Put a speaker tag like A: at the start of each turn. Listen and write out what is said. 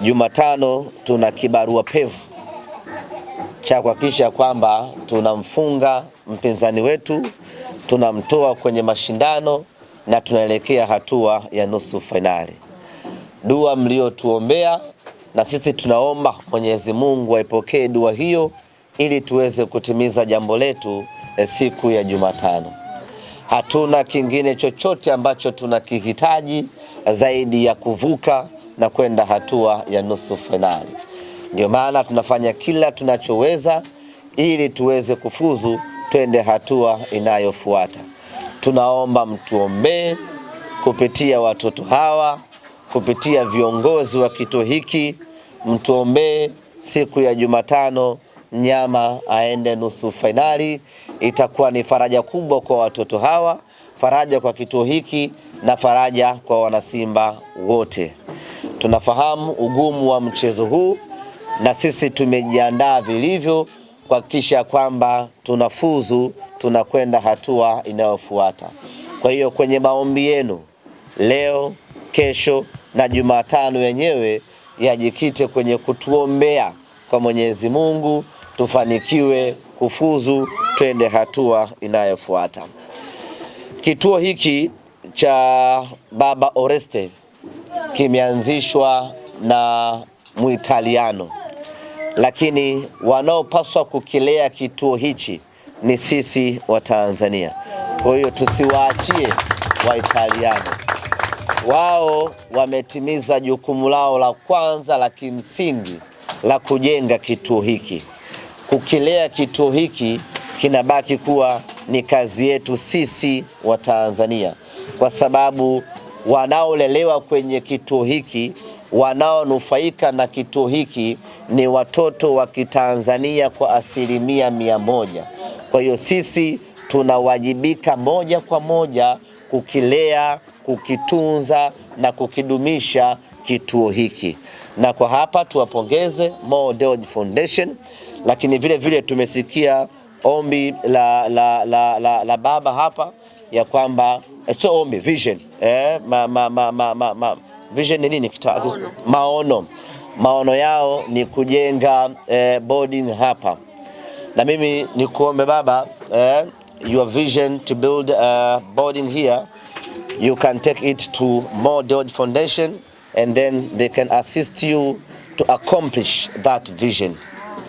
A: Jumatano tuna kibarua pevu cha kuhakikisha kwamba tunamfunga mpinzani wetu, tunamtoa kwenye mashindano na tunaelekea hatua ya nusu fainali. Dua mliotuombea na sisi tunaomba Mwenyezi Mungu aipokee dua hiyo ili tuweze kutimiza jambo letu eh, siku ya Jumatano. Hatuna kingine chochote ambacho tunakihitaji eh, zaidi ya kuvuka na kwenda hatua ya nusu fainali. Ndio maana tunafanya kila tunachoweza ili tuweze kufuzu, twende hatua inayofuata. Tunaomba mtuombee kupitia watoto hawa, kupitia viongozi wa kituo hiki, mtuombee siku ya Jumatano mnyama aende nusu fainali. Itakuwa ni faraja kubwa kwa watoto hawa, faraja kwa kituo hiki na faraja kwa wanasimba wote. Tunafahamu ugumu wa mchezo huu na sisi tumejiandaa vilivyo kuhakikisha kwamba tunafuzu, tunakwenda hatua inayofuata. Kwa hiyo kwenye maombi yenu leo, kesho na Jumatano yenyewe yajikite kwenye kutuombea kwa Mwenyezi Mungu tufanikiwe kufuzu, twende hatua inayofuata. Kituo hiki cha Baba Oreste kimeanzishwa na Muitaliano, lakini wanaopaswa kukilea kituo hichi ni sisi wa Tanzania. Kwa hiyo tusiwaachie Waitaliano, wao wametimiza jukumu lao la kwanza la kimsingi la kujenga kituo hiki. Kukilea kituo hiki kinabaki kuwa ni kazi yetu sisi wa Tanzania kwa sababu wanaolelewa kwenye kituo hiki wanaonufaika na kituo hiki ni watoto wa Kitanzania kwa asilimia mia moja. Kwa hiyo sisi tunawajibika moja kwa moja kukilea, kukitunza na kukidumisha kituo hiki, na kwa hapa tuwapongeze Mo Dewji Foundation, lakini vile vile tumesikia ombi la, la, la, la, la baba hapa ya kwamba eh, sio ombi, vision eh, ma, ma, ma, ma, ma, vision ni nini? maono. maono maono yao ni kujenga eh, boarding hapa,
B: na mimi ni kuombe Baba eh, your vision to build a boarding here you can take it to more Dodd Foundation and then they can assist you to accomplish that vision.